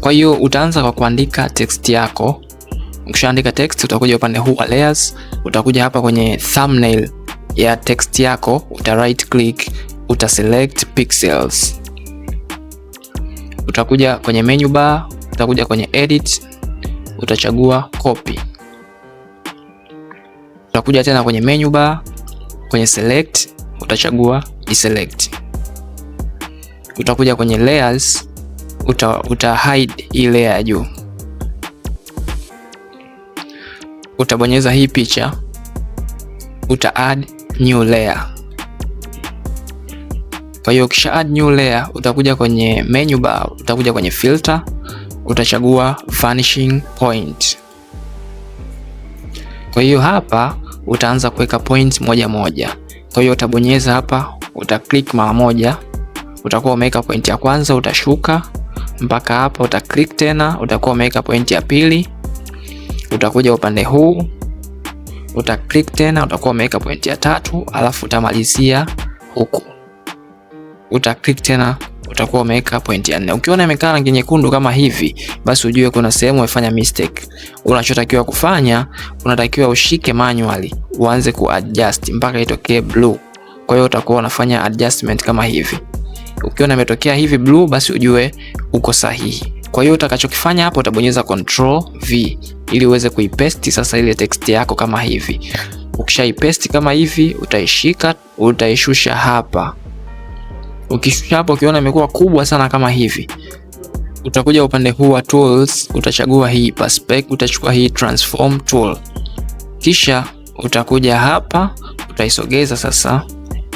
Kwa hiyo utaanza kwa kuandika text yako. Ukishaandika text, utakuja upande huu wa layers, utakuja hapa kwenye thumbnail ya text yako, uta right click, uta select pixels. Utakuja kwenye menu bar, utakuja kwenye edit, utachagua copy utakuja tena kwenye menu bar, kwenye select utachagua deselect. Utakuja kwenye layers uta, uta hide hii layer ya juu, utabonyeza hii picha, uta add new layer. Kwa hiyo ukisha add new layer utakuja kwenye menu bar, utakuja kwenye filter utachagua vanishing point. Kwa hiyo hapa utaanza kuweka points moja moja. Kwa hiyo utabonyeza hapa, uta click mara moja, utakuwa umeweka point ya kwanza, utashuka mpaka hapa, uta click tena, utakuwa umeweka point ya pili, utakuja upande huu, uta click tena, utakuwa umeweka point ya tatu, alafu utamalizia huku uta click tena utakuwa umeweka point ya nne. Ukiona imekaa rangi nyekundu kama hivi, basi ujue kuna sehemu umefanya mistake. Unachotakiwa kufanya, unatakiwa ushike manually, uanze kuadjust mpaka itokee blue. Kwa hiyo utakuwa unafanya adjustment kama hivi. Ukiona imetokea hivi blue, basi ujue uko sahihi. Kwa hiyo utakachokifanya hapo utabonyeza control V ili uweze kuipaste sasa ile text yako kama hivi. Ukishaipaste kama hivi, utaishika, utaishusha hapa Ukishusha hapo ukiona imekuwa kubwa sana kama hivi, utakuja upande huu wa tools, utachagua hii perspect, utachukua hii transform tool, kisha utakuja hapa utaisogeza sasa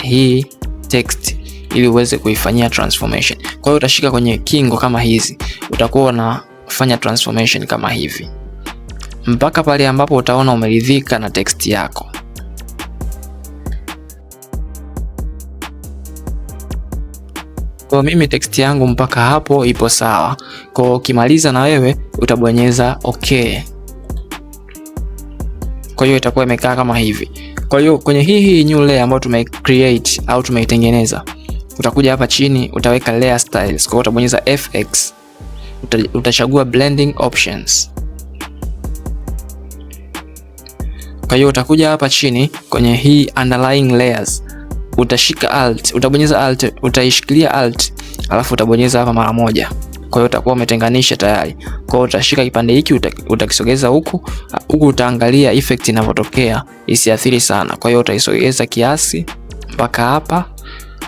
hii text ili uweze kuifanyia transformation. Kwa hiyo utashika kwenye kingo kama hizi, utakuwa unafanya transformation kama hivi mpaka pale ambapo utaona umeridhika na text yako. Kwa mimi text yangu mpaka hapo ipo sawa. Kwa ukimaliza na wewe utabonyeza okay. Kwa hiyo itakuwa imekaa kama hivi. Kwa hiyo kwenye hii hii new layer ambayo tume create au tumeitengeneza, utakuja hapa chini utaweka layer styles. Kwa hiyo utabonyeza FX, utachagua blending options. Kwa hiyo utakuja hapa chini kwenye hii underlying layers utashika alt, utabonyeza alt, utaishikilia alt, alafu utabonyeza hapa mara moja. Kwa hiyo utakuwa umetenganisha tayari. Kwa hiyo utashika kipande hiki utakisogeza huku huku, utaangalia effect inavyotokea isiathiri sana. Kwa hiyo utaisogeza kiasi mpaka hapa,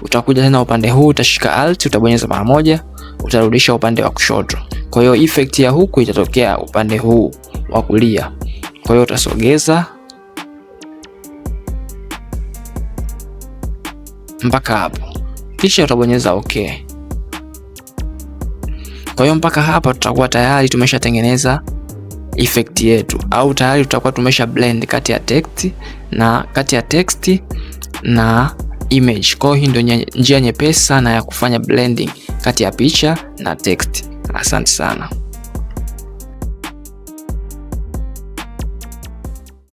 utakuja tena upande huu, utashika alt, utabonyeza mara moja, utarudisha upande wa kushoto. Kwa hiyo effect ya huku itatokea upande huu wa kulia. Kwa hiyo utasogeza mpaka hapo, kisha utabonyeza okay. Kwa hiyo mpaka hapa tutakuwa tayari tumeshatengeneza effect yetu, au tayari tutakuwa tumesha blend kati ya text na kati ya text na image. Kwa hiyo hii ndio njia nyepesi sana ya kufanya blending kati ya picha na text. Asante sana.